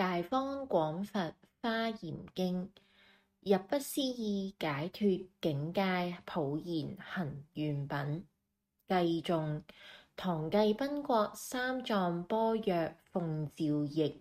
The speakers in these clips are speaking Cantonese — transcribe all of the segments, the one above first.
大方廣佛華嚴經入不思議解脫境界普賢行願品，繼眾唐罽賓國三藏般若奉詔譯。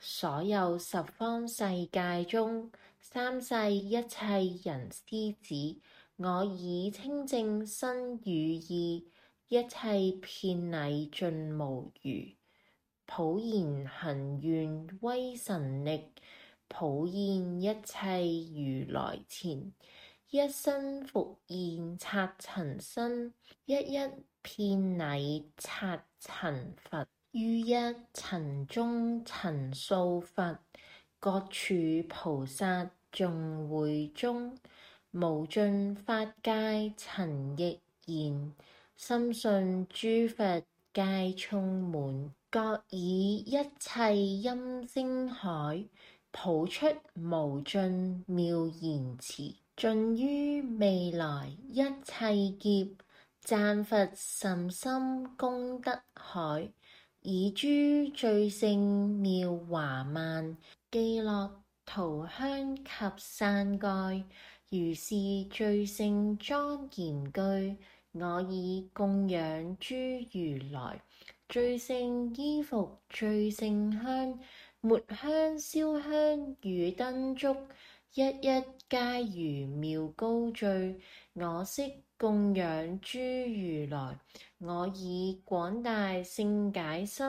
所有十方世界中，三世一切人師子，我以清淨身語意，一切遍禮盡無餘。普賢行願威神力，普現一切如來前，一身復現剎塵身，一一遍禮剎塵佛，於一塵中塵數佛，各處菩薩眾會中，無盡法界塵亦然，深信諸佛皆充滿。各以一切音聲海，普出無盡妙言辭，盡於未來一切劫，讚佛甚深功德海，以諸最勝妙華曼，伎樂塗香及傘蓋，如是最勝莊嚴具，我以供養諸如來。最勝衣服最勝香，末香燒香與燈燭，一一皆如妙高聚。我悉供養諸如來，我以廣大勝解心，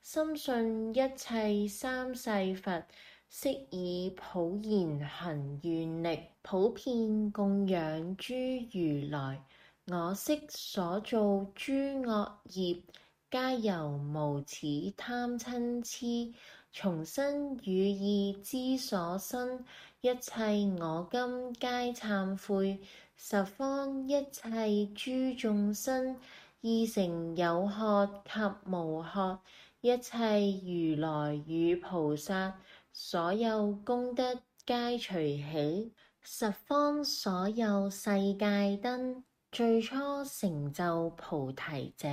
深信一切三世佛，悉以普賢行願力，普遍供養諸如來。我昔所造諸惡業。皆由無始貪嗔癡，從身語意之所生，一切我今皆懺悔。十方一切諸眾生，意成有學及無學，一切如來與菩薩，所有功德皆隨喜。十方所有世界燈，最初成就菩提者。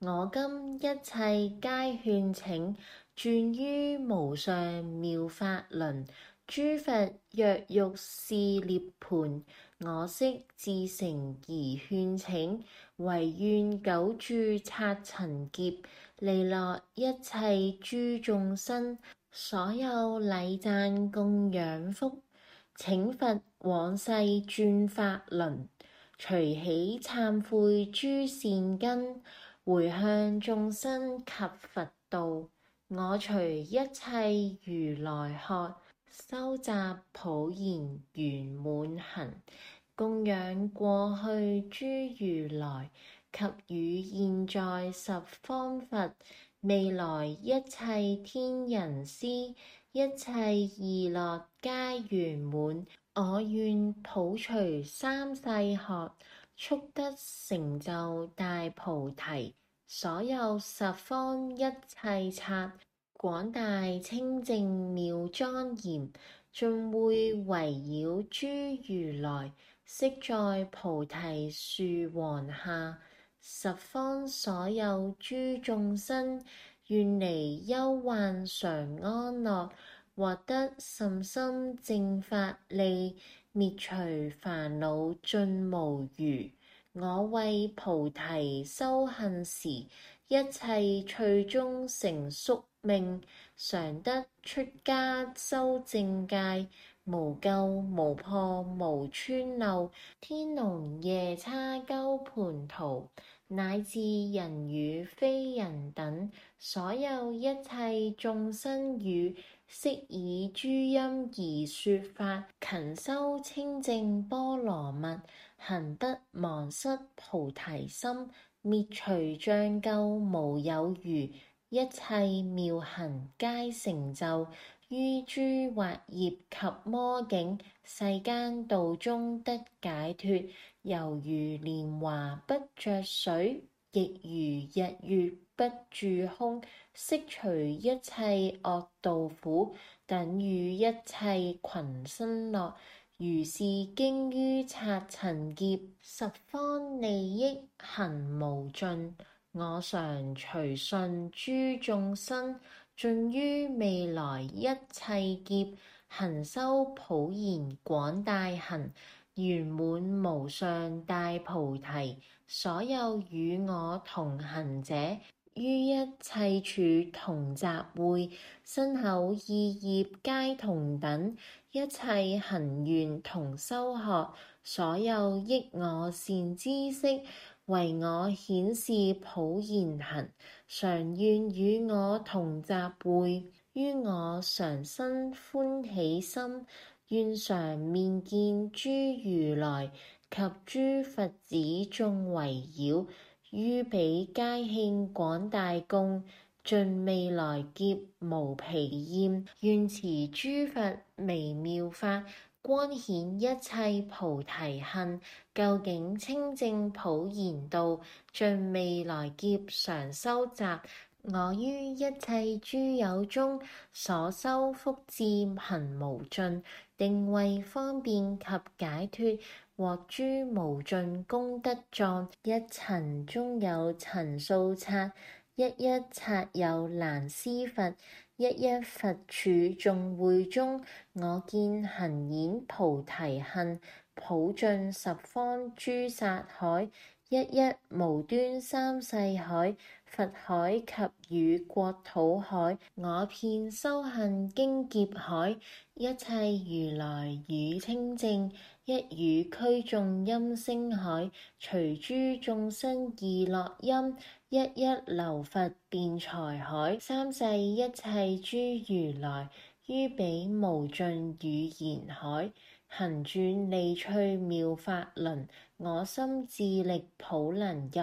我今一切皆勸請，轉於無上妙法輪。諸佛若欲示涅盤，我悉至誠而勸請，唯願久住剎塵劫，利樂一切諸眾生，所有禮讚供養福，請佛往世轉法輪，隨喜懺悔諸善根。回向眾生及佛道，我隨一切如來學，修集普賢圓滿行，供養過去諸如來及與現在十方佛，未來一切天人師，一切義樂皆圓滿，我願普隨三世學。速得成就大菩提，所有十方一切剎，廣大清淨妙莊嚴，盡會圍繞諸如來，悉在菩提樹王下，十方所有諸眾生，願離憂患常安樂，獲得甚深正法利。滅除煩惱盡無餘，我為菩提修行時，一切趣中成宿命，常得出家修正戒，無垢無破無穿漏，天龍夜叉鳩槃荼，乃至人與非人等，所有一切眾生語。悉以諸音而說法，勤修清淨波羅蜜，行得忘失菩提心，滅除障垢無有餘，一切妙行皆成就，於諸惑業及魔境，世間道中得解脫，猶如蓮華不着水，亦如日月，不住空，悉除一切惡道苦，等與一切群生樂。如是經於剎塵劫，十方利益行無盡。我常隨順諸眾生，盡於未來一切劫，行修普賢廣大行，圓滿無上大菩提。所有與我同行者。於一切處同集會，身口意業皆同等，一切行願同修學，所有益我善知識，為我顯示普賢行，常願與我同集會，於我常生歡喜心，願常面見諸如來，及諸佛子眾圍繞。於彼皆興廣大供，盡未來劫無疲厭。願持諸佛微妙法，光顯一切菩提行。究竟清淨普賢道，盡未來劫常修習。我於一切諸有中所修福智行無盡，定位方便及解脱獲諸無盡功德狀。一塵中有塵數刹，一一刹有難思佛，一一佛處眾會中，我見行演菩提行，普盡十方諸刹海。一一無端三世海佛海及與國土海，我遍修行經劫海，一切如來與清淨，一語驅眾音聲海，隨諸眾生意樂音，一一流佛變財海，三世一切諸如來，於彼無盡與言海。恆轉理趣妙法輪，我深智力普能入，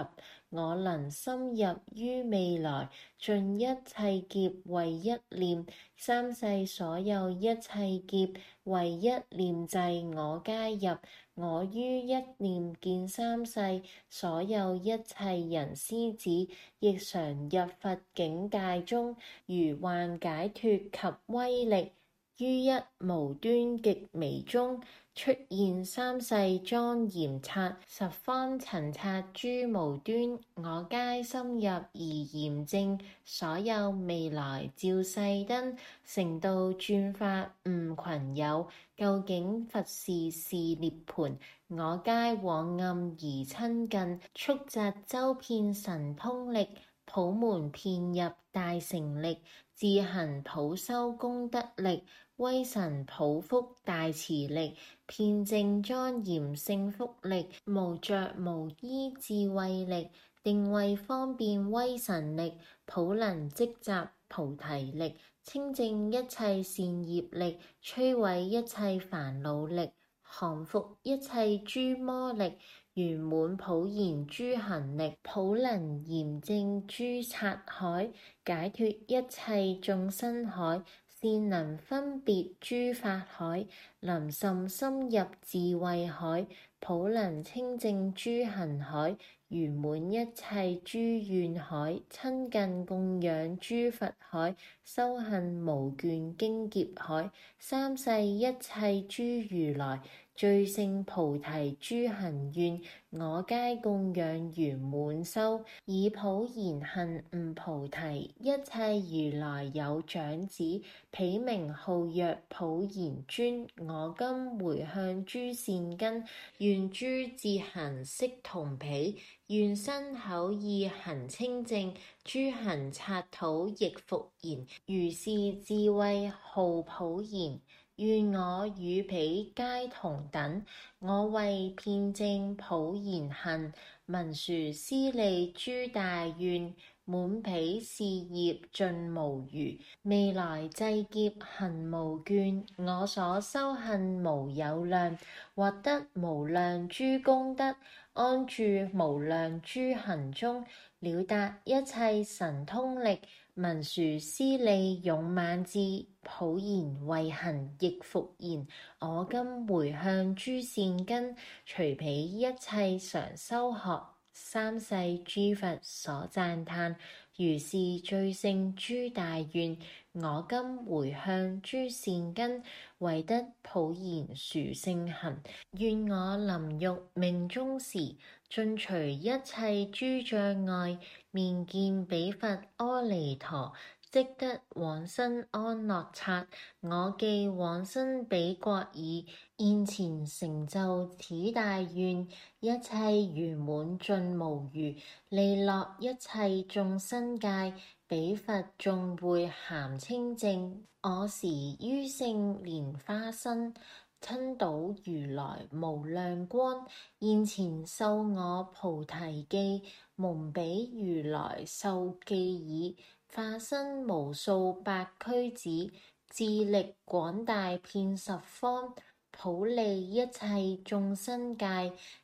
我能深入於未來，盡一切劫為一念，三世所有一切劫為一念際，我皆入。我於一念見三世，所有一切人師子，亦常入佛境界中，如幻解脫及威力。於一無端極微中，出現三世莊嚴刹，十方塵刹諸無端，我皆深入而嚴正。所有未來照世燈，成道轉法誤群友，究竟佛事是涅槃，我皆往暗而親近，觸集周遍神通力，普門遍入大成力，自行普修功德力。威神普福大慈力，遍正莊嚴勝福力，無着無依智慧力，定慧方便威神力，普能積集菩提力，清淨一切善業力，摧毀一切煩惱力，降伏一切諸魔力，圓滿普賢諸行力，普能嚴正諸剎海，解脫一切眾生海。善能分別諸法海，能甚深，深入智慧海，普能清淨諸行海，圓滿一切諸願海，親近供養諸佛海，修行無倦經劫海，三世一切諸如來。最勝菩提諸行願，我皆供養圓滿修。以普賢行悟菩提，一切如來有長子，彼名號曰普賢尊。我今回向諸善根，願諸智行悉同彼，願身口意行清淨，諸行剎土亦復然。如是智慧號普賢。願我與彼皆同等，我為遍淨普賢行，文殊師利諸大願，滿彼事業盡無餘，未來際劫恒無倦，我所修行無有量，獲得無量諸功德，安住無量諸行中，了達一切神通力。文殊師利勇猛智，普賢慧行亦復然。我今回向諸善根，隨彼一切常修學。三世諸佛所讚歎，如是最勝諸大願。我今回向諸善根，為得普賢殊勝行。願我臨欲命終時，盡除一切諸障礙。面見彼佛阿彌陀，即得往生安樂剎。我既往生彼國已，現前成就此大願，一切圓滿盡無餘。利樂一切眾生界，彼佛眾會咸清淨。我時於勝蓮花生。親睹如來無量光，現前授我菩提記，蒙彼如來授記已，化身無數百俱胝，智力廣大遍十方。普利一切眾生界，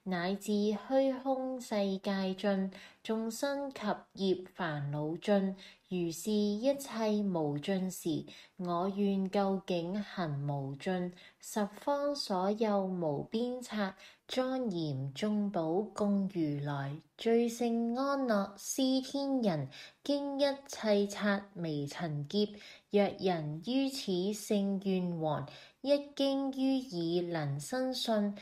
乃至虛空世界盡，眾生及業煩惱盡如是，一切無盡時，我願究竟行無盡。十方所有無邊剎，莊嚴眾寶供如來，最勝安樂施天人，經一切剎微塵劫，若人於此勝願王。一經於耳，能生信；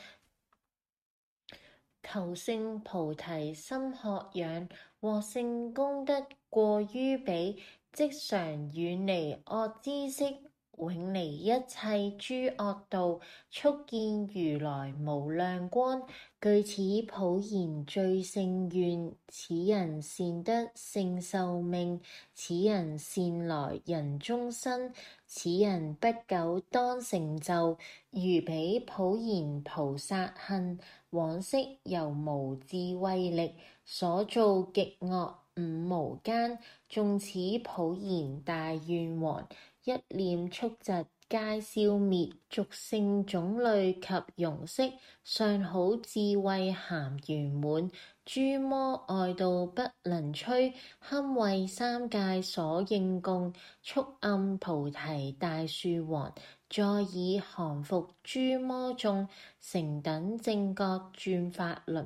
求勝菩提心渴仰，渴仰獲勝功德過於彼，即常遠離惡知識。永離一切諸惡道，速見如來無量光。具此普賢最勝願，此人善得勝壽命，此人善來人終身，此人不久當成就。如彼普賢菩薩恨往昔由無智慧力所造極惡五無間，縱此普賢大願王。一念速疾皆消滅，族姓種類及容色，相好智慧咸圓滿，諸魔外道不能摧，堪為三界所應供，速詣菩提大樹王，坐已降伏諸魔眾，成等正覺轉法輪，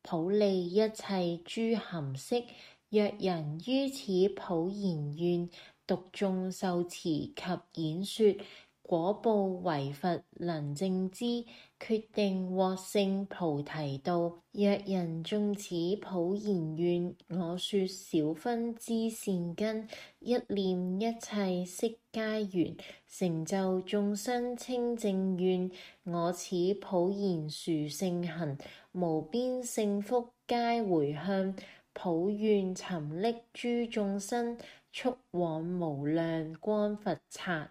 普利一切諸含識，若人於此普賢願。讀誦受持及演說果報為佛能正知決定獲勝菩提道若人誦此普賢願我說少分之善根一念一切悉皆圓成就眾生清淨願我此普賢殊勝行無邊勝福皆回向。普願沉溺諸眾生，速往無量光佛剎。